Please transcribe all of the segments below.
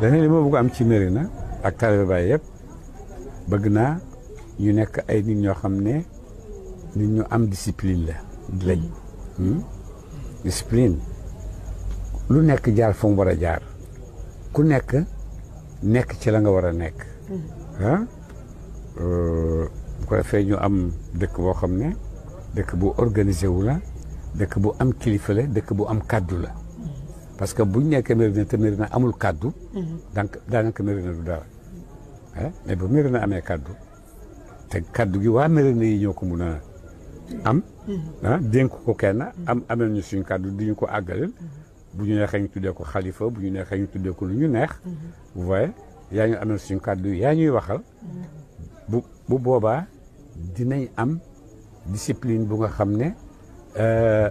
leneen li ma bëgg am ci Mérina ak Talibe Baye yëpp bëgg naa ñu nekk ay nit ñoo xam ne nit ñu am disipline la lañ hmm? disipline lu nekk jaar fa mu war a jaar ku nekk nekk ci la nga war a nekk ah bu ko defee ñu am dëkk boo xam ne dëkk bu organisé wu la dëkk bu am kilifa la dëkk bu am kàddu la parce que bu ñu nekkee Médina te amul kaddu. Mhm. donc daanaka Médina du dara. mais bu Médina amee kaddu te kaddu gi waa Médina yi ñoo ko mun am. Mhm. Ah, dénk ko kenn mhm. am amel ñu suñ kaddu di ñu ko àggaleel. bu ñu neexee ñu tuddee ko xalifa bu ñu neexee ñu tuddee ko lu ñu neex. vous voyez yaa suñ kaddu yaa ñuy waxal. bu bu boobaa dinañ am discipline bu nga xam ne euh,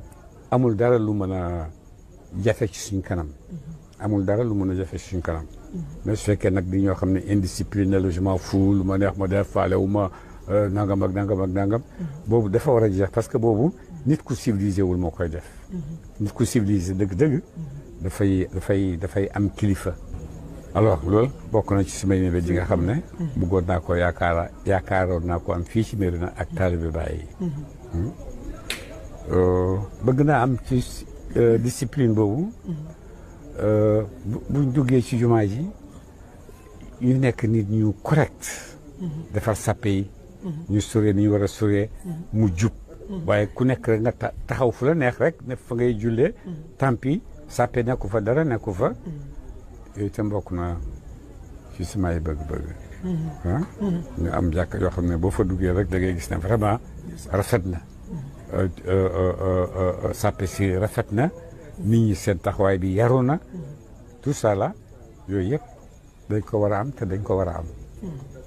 amul dara lu mën a. jafe ci suñ kanam amul dara lu mën a jafe ci suñ kanam mais su fekkee nag di ñoo xam ne indiscipliné logement fou lu ma neex ma def faale wu ma euh, nangam ak nangam ak nangam boobu dafa war a jeex parce que boobu nit ku civilisé wul moo koy def nit ku civilisé dëgg-dëgg dafay dafay dafay am kilifa alors loolu bokk na ci sumay mébét ji nga xam ne bëggoon naa ko yaakaara yaakaaroon naa ko am fii ci na ak taalibe Baay mm-hmm. hmm? euh, bëgg naa am ci Euh, discipline boobu euh, buñ duggee ci jumaa ji ñu nekk nit ñu correct defar sàppe ñu sore ni ñu war a suree mu jub waaye ku nekk rek nga taxaw fu la neex rek ne fa ngay jullee tampi sàppe nekku fa dara nekku fa yooyu itam bokk na ci samay bëgg-bëgg mm-hmm. ah mm-hmm. am jàkk yoo xam ne boo fa duggee rek da gis ne vraiment rafet na Euh, euh, euh, sàppe si rafet na nit ñi seen taxawaay bi yaru na tout ça là yooyu yëpp dañ ko war a am te dañ ko war a am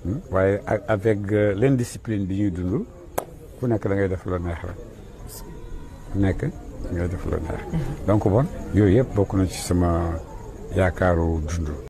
hmm? waaye avec l'indiscipline bi ñuy dund ku nekk da ngay def la neex rek ku nekk da def la neex mm-hmm. donc bon yooyu yëpp bokk na ci sama yaakaaru dund